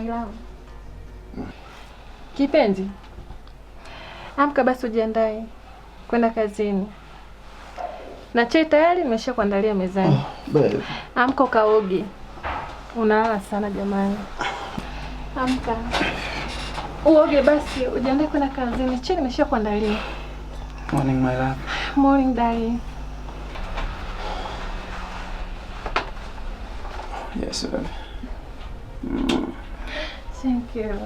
my love. Kipenzi, amka basi ujiandae kwenda kazini na chai tayari nimesha kuandalia mezani. Oh, amka ukaoge, unalala sana jamani. Amka uoge basi ujiandae kwenda kazini, chai nimesha kuandalia. Morning my love. Morning darling. Yes, Thank you.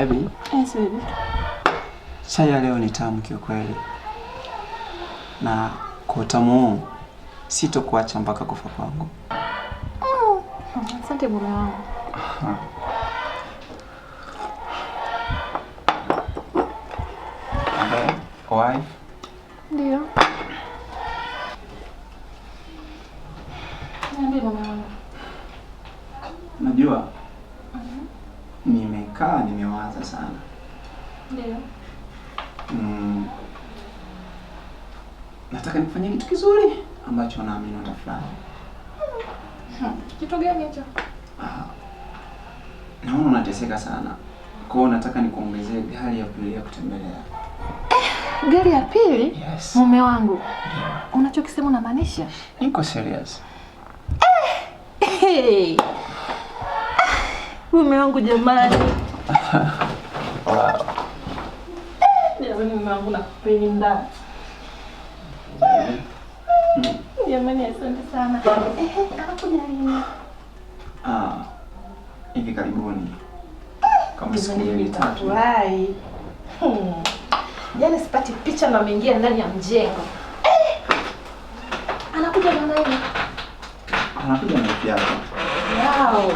Baby. Yes, baby. Chai ya leo ni tamu kiukweli, na kwa utamu huu sitokuacha mpaka kufa kwangu. Oh, asante mume wangu. Eh, Ndio. Najua nikawa nimewaza sana ndio. Mm, nataka nikufanye kitu kizuri ambacho naamini utafurahi. Hmm. Kitu gani hicho? Ah, naona unateseka sana, kwa hiyo nataka nikuongezee gari ya pili ya kutembelea. Eh, gari ya pili? Yes. Mume wangu, yeah. Unachokisema unamaanisha? Niko serious. Eh. Hey. Ah! Mume wangu jamani Jamani, asante sana. Ah, hivi karibuni kama siku mbili tatu, hmm. yaani sipati picha na ameingia ndani ya mjengo. Eh! Anakuja na nani? Anakuja na yake. Wow.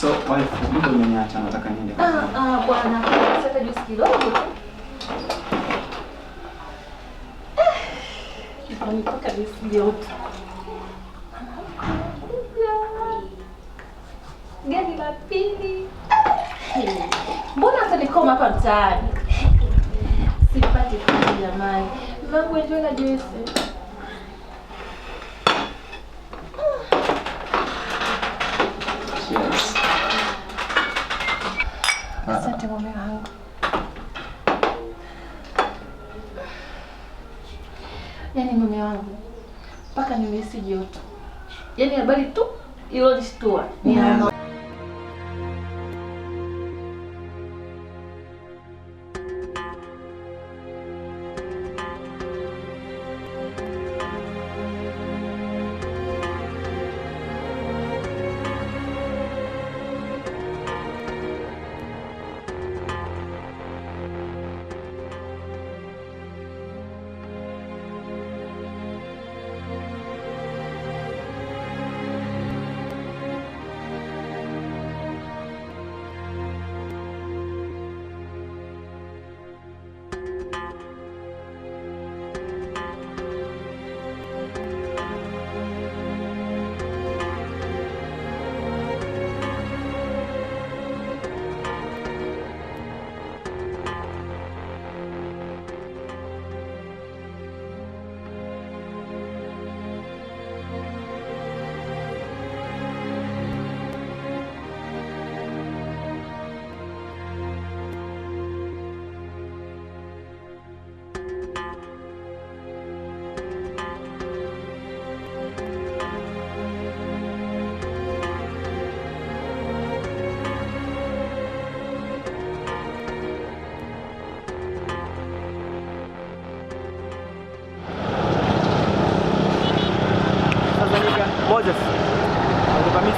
So wife, mbona umeniacha? Nataka niende. Ah ah, bwana, sasa juice kidogo tu. Eh, nitaka yote. Gani la pili? Mbona hata hapa mtaani? Sipati kitu jamani. Mwanangu enjoy na juice. Asante mume wangu. Yaani mume wangu mpaka nimehisi joto, yaani habari tu ilonishtua ni mm.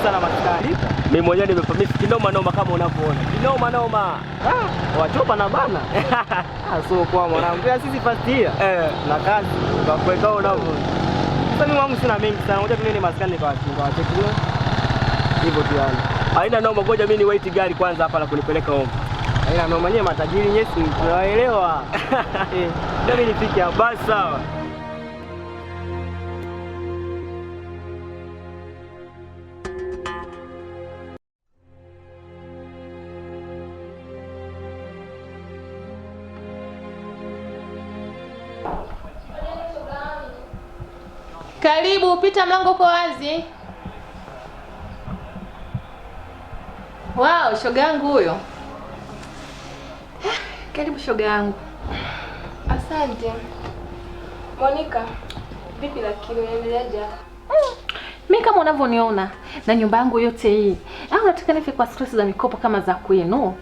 sana maskari. Mimi mwenyewe nimefamisi kinoma noma kama unavyoona. Kinoma noma. Ah, wachopa na bana. Ah, so kwa mwanangu, sisi first Eh, na kazi kwa kweka unavyoona. Sasa mimi wangu sina mengi sana. Ngoja mimi maskani kwa watu, kwa watu. Hivyo tu yani. Haina noma, ngoja mimi ni gari kwanza hapa la kunipeleka home. Haina noma, nyewe matajiri nyesi tunaelewa. Eh, ndio mimi nifike hapa sawa. Karibu, pita, mlango uko wazi. Wow, shoga yangu huyo. Karibu shoga yangu. Asante. Monica, vipi lakini unaendeleaje? Mm. Mimi kama unavyoniona na nyumba yangu yote hii. Au ah, nataka nife kwa stress za mikopo kama za kwenu?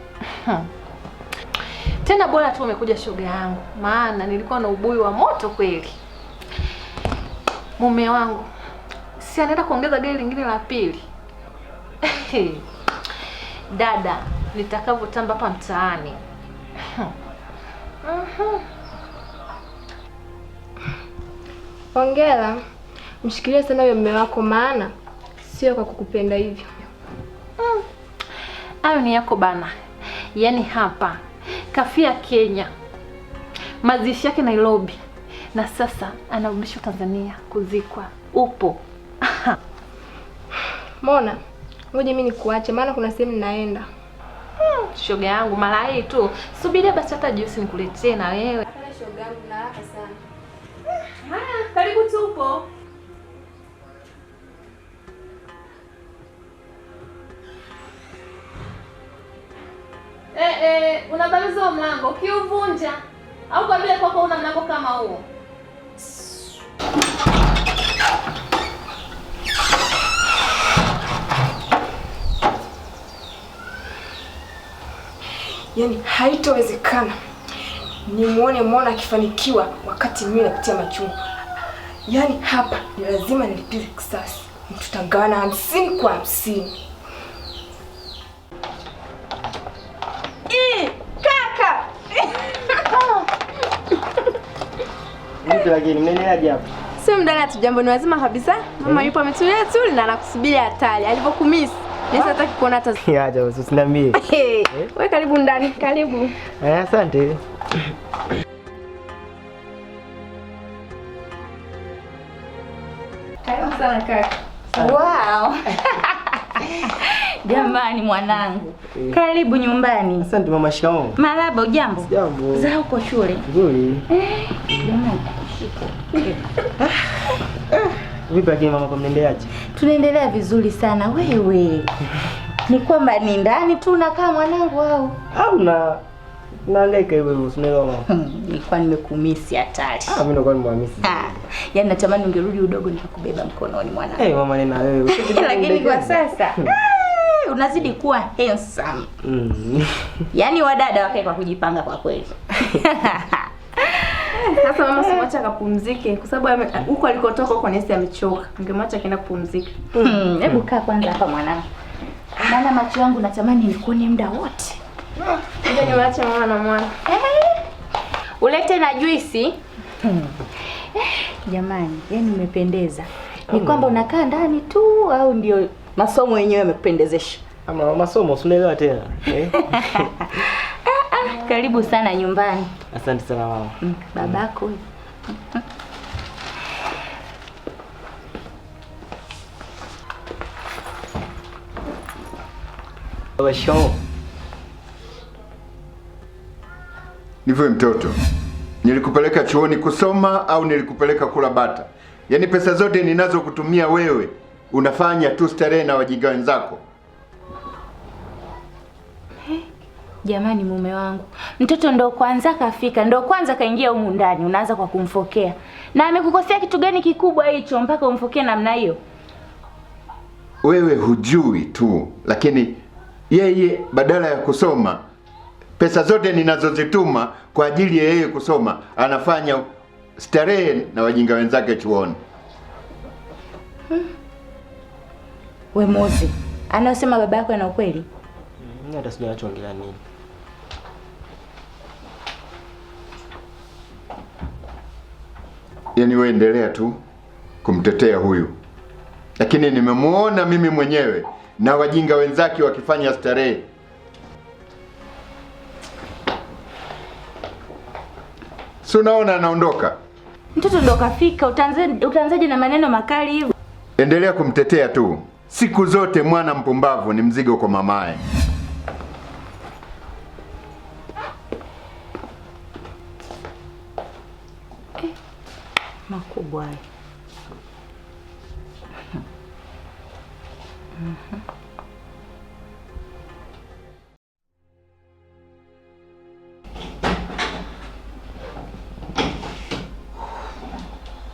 Tena bora tu umekuja shoga yangu, maana nilikuwa na ubui wa moto kweli mume wangu si anaenda kuongeza gari lingine la pili. Dada, nitakavyotamba hapa mtaani Ongera, mshikilie sana huyo mume wako, maana sio kwa kukupenda hivyo. Mm. Hayo ni yako bana. Yaani hapa kafia Kenya, mazishi yake Nairobi na sasa anarudishwa Tanzania kuzikwa. Upo Mona, ngoja mimi nikuache, maana kuna sehemu ninaenda. Hmm, shoga yangu mara hii tu subiria basi, hata juisi nikuletee na wewe. Shoga yangu na haraka sana. Hmm, haya, karibu upo Eh, eh, unabamiza mlango ukiuvunja au kwa vile kwako una mlango kama huo yani haitowezekana nimwone mwana akifanikiwa wakati mimi napitia machungu. yani hapa ni lazima nilipize kisasi, tutagawana hamsini kwa hamsini. Kaka sio mdani, jambo ni wazima kabisa. Mama hmm? yupo ametulia tuli na anakusubiri hatari alivyokumisi hata kuona hata usiniambie. Wewe karibu ndani, karibu. Eh, asante. Jamani mwanangu. Eh. Karibu nyumbani. Asante mama, shikamoo. Marahaba, ujambo? Jambo. Za huko shule? Nzuri. Eh, jamani. Ah. Vipi lakini mama, mnaendeleaje? Tunaendelea vizuri sana wewe. Ni kwamba ni ndani tu nakaa mwanangu au? Au na naangaika hivyo hivyo usielewa mama. Hmm, nilikuwa nimekumisi hatari. Ah, mimi nilikuwa nimwamisi. Ah. Yaani natamani ungerudi udogo nikakubeba mkononi mwanangu. Eh, hey, mama nina wewe. Lakini kwa sasa eh, unazidi kuwa handsome. Mm. Yaani wadada wake kwa kujipanga kwa kweli. Sasa mama simwacha akapumzike kwa sababu huko alikotoka huko nesi amechoka. Ungemwacha akaenda kupumzika. Hmm. Hebu kaa kwanza hapa mwanangu. Maana macho yangu natamani nikuone muda wote. Ngoja niwaache mama na mwana. Eh? Ulete na juisi. Jamani, yani umependeza. Ni kwamba unakaa ndani tu au ndio masomo yenyewe yamekupendezesha? Ama masomo usielewa tena. Eh? karibu sana nyumbani. Asante sana mama. Mm, babako Mm. Nivyo mtoto. Nilikupeleka chuoni kusoma au nilikupeleka kula bata? Yaani pesa zote ninazokutumia wewe unafanya tu starehe na wajinga wenzako. Jamani, mume wangu, mtoto ndo kwanza kafika, ndo kwanza kaingia humu ndani, unaanza kwa kumfokea? Na amekukosea kitu gani kikubwa hicho mpaka umfokee namna hiyo? Wewe hujui tu, lakini yeye badala ya kusoma, pesa zote ninazozituma kwa ajili ya yeye kusoma, anafanya starehe na wajinga wenzake chuoni. Hmm. We Mozi, anayosema baba yako ana ukweli? Hata sijawacha nini yani wewe endelea tu kumtetea huyu, lakini nimemwona mimi mwenyewe na wajinga wenzake wakifanya starehe. Si unaona anaondoka mtoto, ndo kafika. Utaanzaje na maneno makali hivyo? Endelea kumtetea tu siku zote. Mwana mpumbavu ni mzigo kwa mamaye. makubwa haya.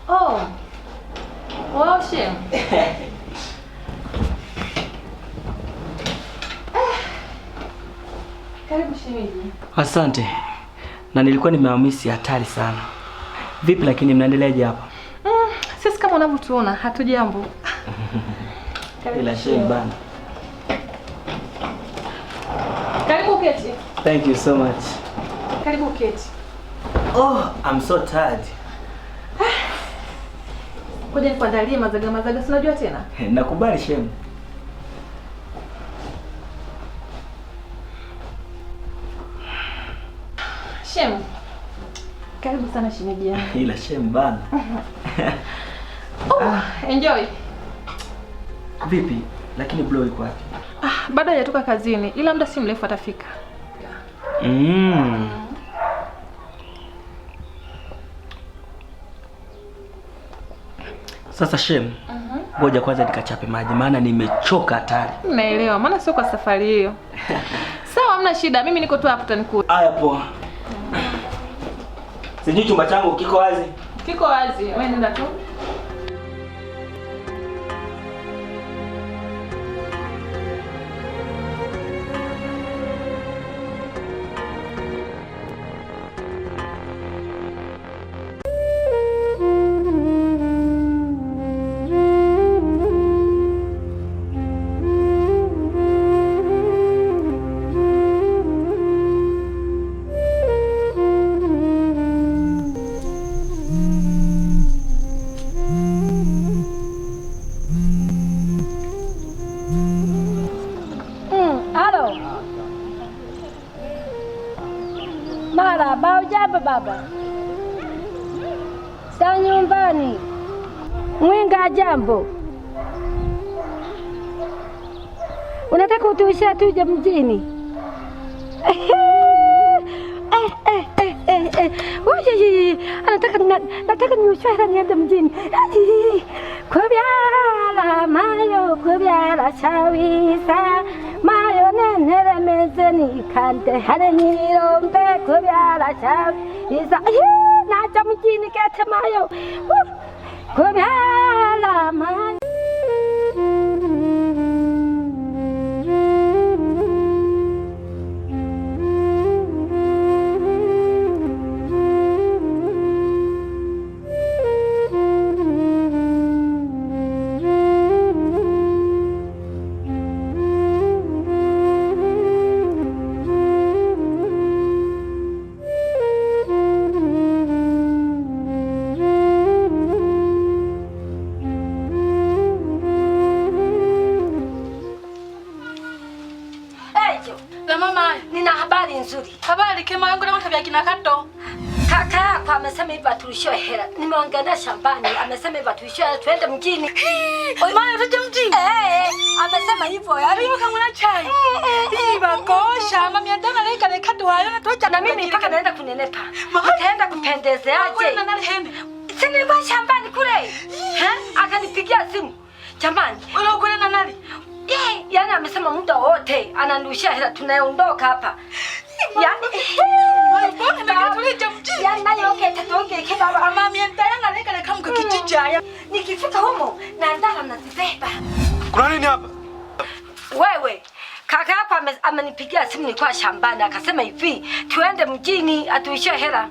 Oh. Ah. Asante, na nilikuwa nimeamisi hatari sana Vipi lakini mnaendeleaje hapa? Mm, sisi kama unavyotuona hatujambo. Bila shaka bana. Karibu keti. Thank you so much. Karibu keti. Oh, I'm so tired. Ngoja nikuandalie mazaga mazaga, si unajua tena. Nakubali shemu. Karibu sana shemeji yangu. Ila shem bana. Oh, ah. enjoy. Vipi? Lakini Blo yuko wapi? Ah, ya hajatoka kazini ila muda si mrefu atafika. Mm. Sasa shem mhm. ngoja kwanza nikachape maji maana nimechoka hatari. Naelewa, maana sio kwa safari hiyo. Sawa, hamna shida. Mimi niko tu hapo, tanikuwa. Haya poa. Sijui chumba changu kiko wazi? Kiko wazi. Wewe nenda tu. hapa baba, sa nyumbani mwinga. Jambo, unataka utuisha tuje mjini? eh, eh, eh, eh, eh. eh. Anataka ah, na, nataka niushwera niende mjini ah, kubyala mayo kubyala chawisa 这里看的还是你龙背苦边拉山，你说哎呀，那怎么进的去嘛哟？苦边拉山。na kato. Kaka yako amesema hivi atuishie hela. Nimeongelea shambani, amesema hivi atuishie hela twende mjini. Mama tuje mjini. Eh, eh, amesema hivyo. Yaani eh, una chai. Eh, Hii bakosha mama yandana leka leka tu hayo na tuacha na mimi mpaka naenda kunenepa. Nitaenda kupendezeaje? Sini ba shambani kule. Ha? Akanipigia simu. Jamani, unakwenda na nani? Eh, yani amesema muda wote ananirudishia hela tunaondoka hapa. Yaani ya nayo Kuna nini hapa? Wewe kaka yako amenipigia simu, nilikuwa shambani, akasema hivi tuende mjini atuishie hela.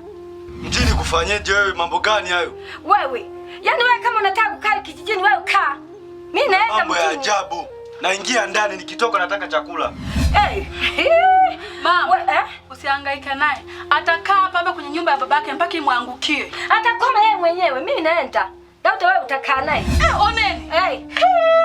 Mjini kufanyeje wewe? Mambo gani hayo wewe? Yaani wewe kama unataka kukaa kijijini wewe kaa. Mimi naenda mjini. Mambo ya ajabu. Naingia ndani nikitoka nataka chakula. Mama, eh? usihangaike naye. Atakaa papa kwenye nyumba ya babake mpaka imwangukie. Atakoma yeye mwenyewe. Mimi naenda. Dauda wewe utakaa naye. Eh, oneni. Hey.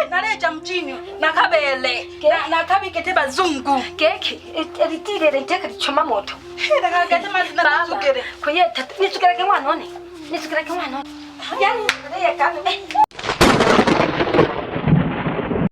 Naleja mjini na kabele. Na, na kabi keteba zungu. Keki. Elitire lenteka lichoma moto. Hey, na gatema na tukere. Kwa yeye tatu. Nitukere kwa mwanone. Nitukere kwa mwanone. Yaani, ndiye kama. Eh.